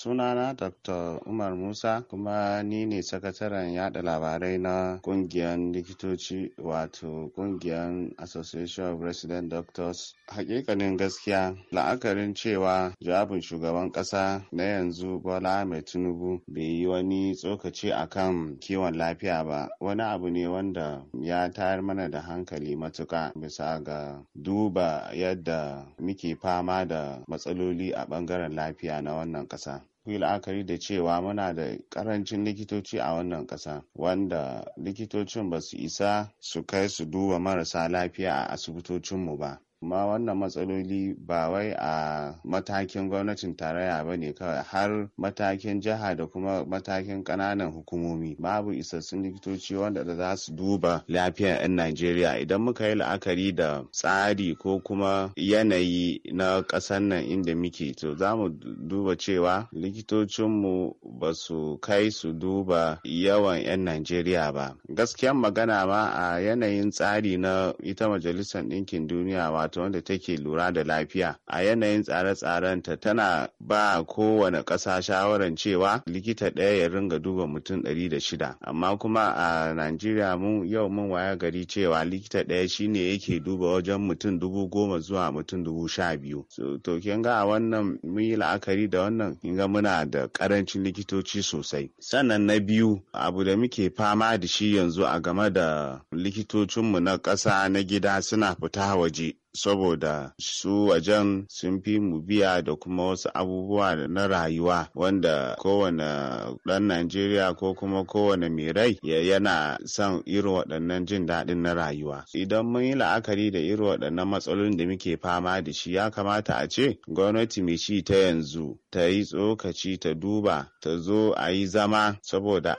Sunana Dr. Umar Musa kuma ni ne sakataren yada labarai na kungiyar likitoci wato kungiyar Association of Resident Doctors. Hakikanin gaskiya la'akarin cewa jawabin shugaban kasa na yanzu Bola mai Tinubu bai yi wani tsokaci akan kiwon lafiya ba wani abu ne wanda ya tayar mana da hankali matuka bisa ga duba yadda muke fama da matsaloli a bangaren lafiya na wannan kasa. ku la'akari da cewa muna da karancin likitoci a wannan ƙasa wanda likitocin ba su isa su kai su duba marasa lafiya a asibitocinmu ba ma wannan matsaloli ba wai a matakin gwamnatin tarayya ba ne kawai har matakin jiha da kuma matakin ƙananan hukumomi babu isassun likitoci wanda da za su duba lafiyar 'yan najeriya idan muka yi la'akari da tsari ko kuma yanayi na ƙasar nan inda muke to za mu duba cewa likitocinmu ba su kai su duba yawan 'yan najeriya ba gaskiyan magana ma a yanayin tsari na ita majalisar ɗinkin duniya wato wanda take lura da lafiya a yanayin tsare tsaren ta, tana ba kowane ƙasa shawaran cewa likita ɗaya ya ringa duba mutum ɗari da shida amma kuma a najeriya mun yau mun waya gari cewa likita ɗaya shine yake duba wajen mutum dubu goma zuwa mutum dubu sha biyu to kin ga wannan mun yi la'akari da wannan kin ga muna da ƙarancin likitoci sosai sannan na biyu abu da muke fama da shi yanzu a game da likitocinmu na ƙasa na gida suna fita waje saboda su wajen sun fi mu biya da kuma wasu abubuwa na rayuwa wanda kowane ɗan Najeriya ko kuma kowane mai rai yana son irin waɗannan jin daɗin na rayuwa. Idan mun yi la'akari da irin waɗannan matsalolin da muke fama da shi ya kamata a ce gwamnati mai ci ta yanzu ta yi tsokaci ta duba ta zo a yi zama saboda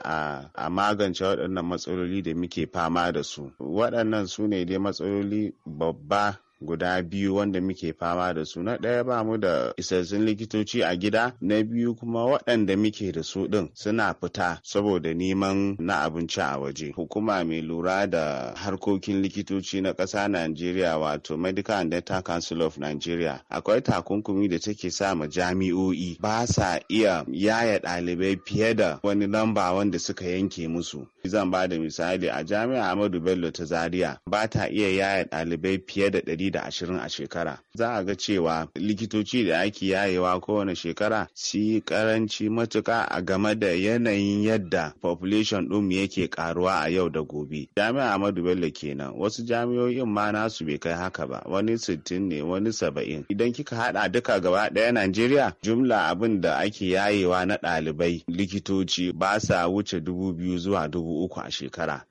a magance waɗannan matsaloli da muke fama da su. Waɗannan su ne dai matsaloli babba guda biyu wanda muke fama da su na ɗaya ba mu da isassun likitoci a gida na biyu kuma waɗanda muke da su ɗin suna fita saboda neman na abinci a waje hukuma mai lura da harkokin likitoci na ƙasa najeriya wato medical and dental council of nigeria akwai takunkumi da take sa ma jami'o'i ba sa iya yaya ɗalibai fiye da wani lamba wanda suka yanke musu Zan ba da misali a jami'a Ahmadu Bello ta Zaria ba ta iya yaya ɗalibai fiye da ɗari da ashirin a shekara. Za a ga cewa likitoci da ake yayewa kowane shekara si karanci matuka a game da yanayin yadda population ɗin yake karuwa a yau da gobe. Jami'a Ahmadu Bello kenan wasu jami'o'in ma nasu bai kai haka ba wani sittin ne wani saba'in. Idan kika haɗa duka gaba ɗaya Najeriya jumla abin da ake yayewa na ɗalibai likitoci ba sa wuce dubu biyu zuwa dubu dubu uku a shekara